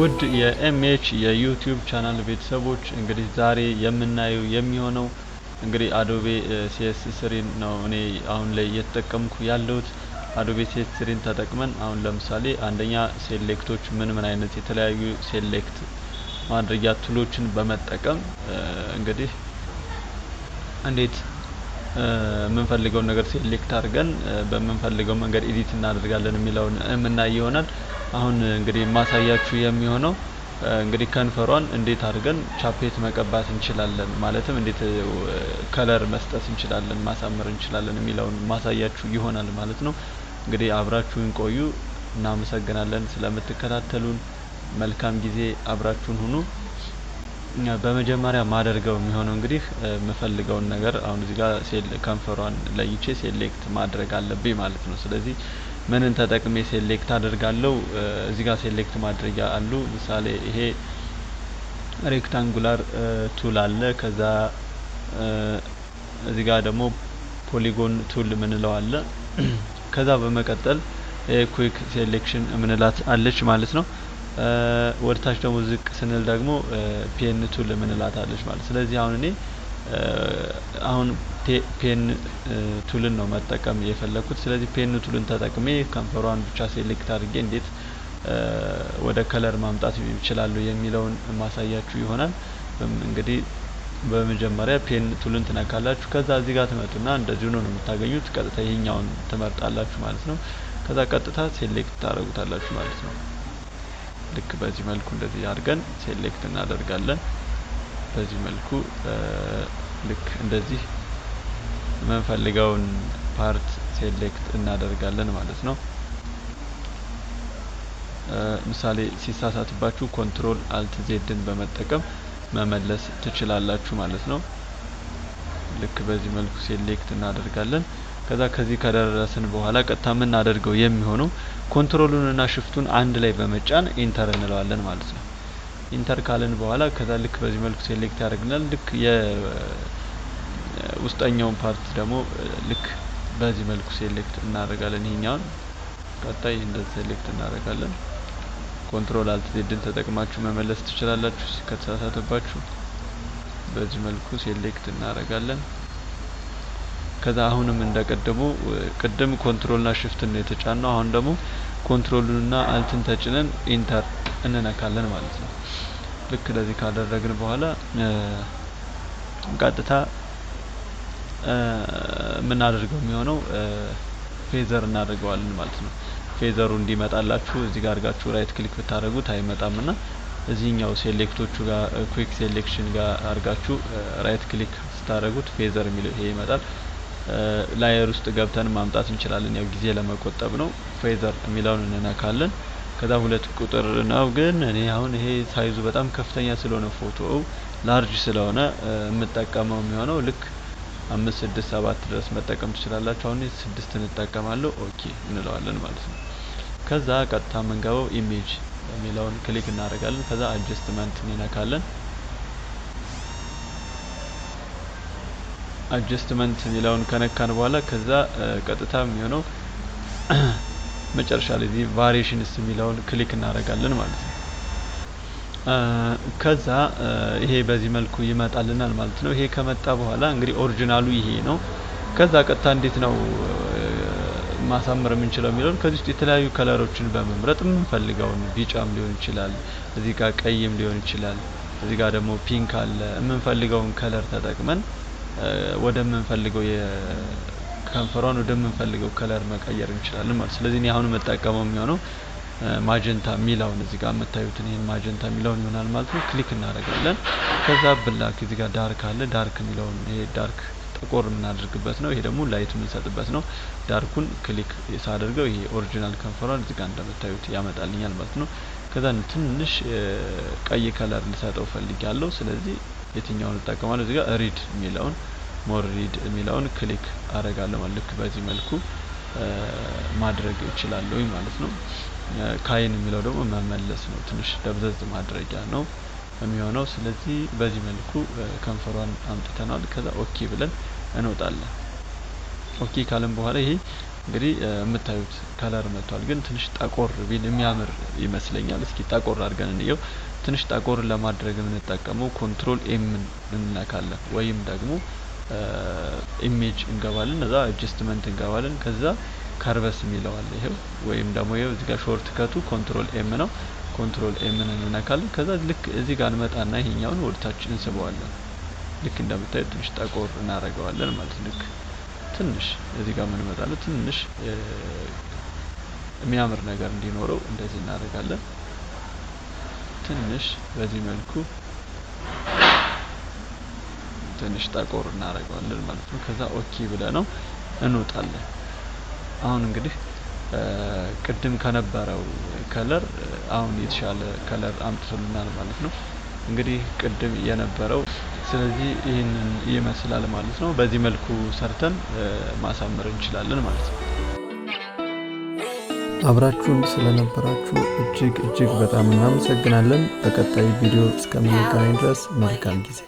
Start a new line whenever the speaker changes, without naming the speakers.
ውድ የኤምኤች የዩቲዩብ ቻናል ቤተሰቦች እንግዲህ ዛሬ የምናየው የሚሆነው እንግዲህ አዶቤ ሲኤስ ስሪን ነው። እኔ አሁን ላይ እየተጠቀምኩ ያለሁት አዶቤ ሲኤስ ስሪን ተጠቅመን አሁን ለምሳሌ አንደኛ ሴሌክቶች ምን ምን አይነት የተለያዩ ሴሌክት ማድረጊያ ቱሎችን በመጠቀም እንግዲህ እንዴት የምንፈልገውን ነገር ሴሌክት አድርገን በምንፈልገው መንገድ ኤዲት እናደርጋለን የሚለውን የምናይ ይሆናል። አሁን እንግዲህ የማሳያችሁ የሚሆነው እንግዲህ ከንፈሯን እንዴት አድርገን ቻፔት መቀባት እንችላለን ማለትም እንዴት ከለር መስጠት እንችላለን ማሳመር እንችላለን የሚለውን ማሳያችሁ ይሆናል ማለት ነው። እንግዲህ አብራችሁን ቆዩ። እናመሰግናለን ስለምትከታተሉን። መልካም ጊዜ አብራችሁን ሁኑ። በመጀመሪያ ማደርገው የሚሆነው እንግዲህ የምፈልገውን ነገር አሁን እዚህ ጋር ከንፈሯን ለይቼ ሴሌክት ማድረግ አለብኝ ማለት ነው። ስለዚህ ምንን ተጠቅሜ ሴሌክት አድርጋለሁ እዚህ ጋር ሴሌክት ማድረጊያ አሉ። ምሳሌ ይሄ ሬክታንጉላር ቱል አለ። ከዛ እዚህ ጋር ደግሞ ፖሊጎን ቱል ምንለው አለ። ከዛ በመቀጠል ኩክ ሴሌክሽን ምንላት አለች ማለት ነው። ወደታች ደግሞ ዝቅ ስንል ደግሞ ፒን ቱል ምንላት አለች ማለት ስለዚህ አሁን እኔ አሁን ፔን ቱልን ነው መጠቀም የፈለኩት። ስለዚህ ፔን ቱልን ተጠቅሜ ከንፈሯን ብቻ ሴሌክት አድርጌ እንዴት ወደ ከለር ማምጣት ይችላሉ የሚለውን ማሳያችሁ ይሆናል። እንግዲህ በመጀመሪያ ፔን ቱልን ትነካላችሁ። ከዛ እዚህ ጋር ትመጡና እንደዚሁ ነው የምታገኙት። ቀጥታ ይሄኛውን ትመርጣላችሁ ማለት ነው። ከዛ ቀጥታ ሴሌክት ታደርጉታላችሁ ማለት ነው። ልክ በዚህ መልኩ እንደዚህ አድርገን ሴሌክት እናደርጋለን። በዚህ መልኩ ልክ እንደዚህ የምንፈልገውን ፓርት ሴሌክት እናደርጋለን ማለት ነው። ምሳሌ ሲሳሳትባችሁ ኮንትሮል አልት ዜድን በመጠቀም መመለስ ትችላላችሁ ማለት ነው። ልክ በዚህ መልኩ ሴሌክት እናደርጋለን። ከዛ ከዚህ ከደረስን በኋላ ቀጥታ የምናደርገው የሚሆነው ኮንትሮሉንና ሽፍቱን አንድ ላይ በመጫን ኢንተር እንለዋለን ማለት ነው። ኢንተር ካልን በኋላ ከዛ ልክ በዚህ መልኩ ሴሌክት ያደርግናል ልክ ውስጠኛውን ፓርት ደግሞ ልክ በዚህ መልኩ ሴሌክት እናደርጋለን። ይሄኛውን ቀጣይ እንደዚህ ሴሌክት እናደርጋለን። ኮንትሮል አልት ዜድን ተጠቅማችሁ መመለስ ትችላላችሁ ከተሳሳተባችሁ። በዚህ መልኩ ሴሌክት እናደርጋለን። ከዛ አሁንም እንደቀደሙ ቅድም ኮንትሮልና ሽፍትን ነው የተጫነው። አሁን ደግሞ ኮንትሮሉንና አልትን ተጭነን ኢንተር እንነካለን ማለት ነው። ልክ ለዚህ ካደረግን በኋላ ቀጥታ የምናደርገው የሚሆነው ፌዘር እናደርገዋለን ማለት ነው። ፌዘሩ እንዲመጣላችሁ እዚህ ጋር አድርጋችሁ ራይት ክሊክ ብታደርጉት አይመጣም እና እዚህኛው ሴሌክቶቹ ጋር ኩዊክ ሴሌክሽን ጋር አርጋችሁ ራይት ክሊክ ስታደርጉት ፌዘር የሚለው ይሄ ይመጣል። ላየር ውስጥ ገብተን ማምጣት እንችላለን። ያው ጊዜ ለመቆጠብ ነው። ፌዘር የሚለውን እንነካለን። ከዛ ሁለት ቁጥር ነው ግን እኔ አሁን ይሄ ሳይዙ በጣም ከፍተኛ ስለሆነ ፎቶው ላርጅ ስለሆነ የምጠቀመው የሚሆነው ልክ አምስት ስድስት ሰባት ድረስ መጠቀም ትችላላችሁ። አሁን ስድስት እንጠቀማለሁ ኦኬ እንለዋለን ማለት ነው። ከዛ ቀጥታ የምንገባው ኢሜጅ የሚለውን ክሊክ እናደርጋለን። ከዛ አጀስትመንት እንነካለን። አጀስትመንት የሚለውን ከነካን በኋላ ከዛ ቀጥታ የሚሆነው መጨረሻ ላይ ቫሪሽንስ የሚለውን ክሊክ እናደርጋለን ማለት ነው። ከዛ ይሄ በዚህ መልኩ ይመጣልናል ማለት ነው። ይሄ ከመጣ በኋላ እንግዲህ ኦሪጂናሉ ይሄ ነው። ከዛ ቀጥታ እንዴት ነው ማሳመር የምንችለው የሚለውን ከዚህ ውስጥ የተለያዩ ከለሮችን በመምረጥ የምንፈልገውን ቢጫም ሊሆን ይችላል፣ እዚህ ጋር ቀይም ሊሆን ይችላል፣ እዚህ ጋር ደግሞ ፒንክ አለ። የምንፈልገውን ከለር ተጠቅመን ወደምንፈልገው ከንፈሯን ወደምንፈልገው ከለር መቀየር እንችላለን ማለት ስለዚህ እኔ አሁን የምጠቀመው የሚሆነው ማጀንታ የሚለውን እዚህ ጋር የምታዩትን ይህን ማጀንታ የሚለውን ይሆናል ማለት ነው። ክሊክ እናደርጋለን። ከዛ ብላክ እዚህ ጋር ዳርክ አለ። ዳርክ የሚለውን ይሄ ዳርክ ጥቁር የምናደርግበት ነው። ይሄ ደግሞ ላይት የምንሰጥበት ነው። ዳርኩን ክሊክ ሳደርገው ይሄ ኦሪጂናል ከንፈሯን እዚህ ጋር እንደምታዩት ያመጣልኛል ማለት ነው። ከዛ ትንሽ ቀይ ከለር ልሰጠው ፈልጊያለሁ። ስለዚህ የትኛውን እጠቀማለሁ? እዚህ ጋር ሪድ የሚለውን ሞር ሪድ የሚለውን ክሊክ አደርጋለሁ። ልክ በዚህ መልኩ ማድረግ እችላለሁኝ ማለት ነው። ካይን የሚለው ደግሞ መመለስ ነው። ትንሽ ደብዘዝ ማድረጊያ ነው የሚሆነው። ስለዚህ በዚህ መልኩ ከንፈሯን አምጥተናል። ከዛ ኦኬ ብለን እንወጣለን። ኦኬ ካለን በኋላ ይሄ እንግዲህ የምታዩት ከለር መጥቷል። ግን ትንሽ ጠቆር ቢል የሚያምር ይመስለኛል። እስኪ ጠቆር አድርገን እንየው። ትንሽ ጠቆር ለማድረግ የምንጠቀመው ኮንትሮል ኤም እንነካለን፣ ወይም ደግሞ ኢሜጅ እንገባለን፣ እዛ አጀስትመንት እንገባለን ከዛ ከርበስ የሚለዋል ይሄው ወይም ደግሞ ይሄው እዚህ ጋር ሾርት ከቱ ኮንትሮል ኤም ነው። ኮንትሮል ኤምን እንነካለን። ከዛ ልክ እዚህ ጋር እንመጣና ይሄኛውን ወደታች እንስበዋለን። ልክ እንደምታዩት ትንሽ ጠቆር እናደርገዋለን ማለት ልክ ትንሽ እዚህ ጋር ምንመጣለን ትንሽ የሚያምር ነገር እንዲኖረው እንደዚህ እናደርጋለን። ትንሽ በዚህ መልኩ ትንሽ ጠቆር እናደርገዋለን ማለት ነው። ከዛ ኦኬ ብለ ነው እንወጣለን። አሁን እንግዲህ ቅድም ከነበረው ከለር አሁን የተሻለ ከለር አምጥቶልናል ማለት ነው። እንግዲህ ቅድም የነበረው ስለዚህ ይህንን ይመስላል ማለት ነው። በዚህ መልኩ ሰርተን ማሳመር እንችላለን ማለት ነው። አብራችሁን ስለነበራችሁ እጅግ እጅግ በጣም እናመሰግናለን። በቀጣይ ቪዲዮ እስከምንገናኝ ድረስ መልካም ጊዜ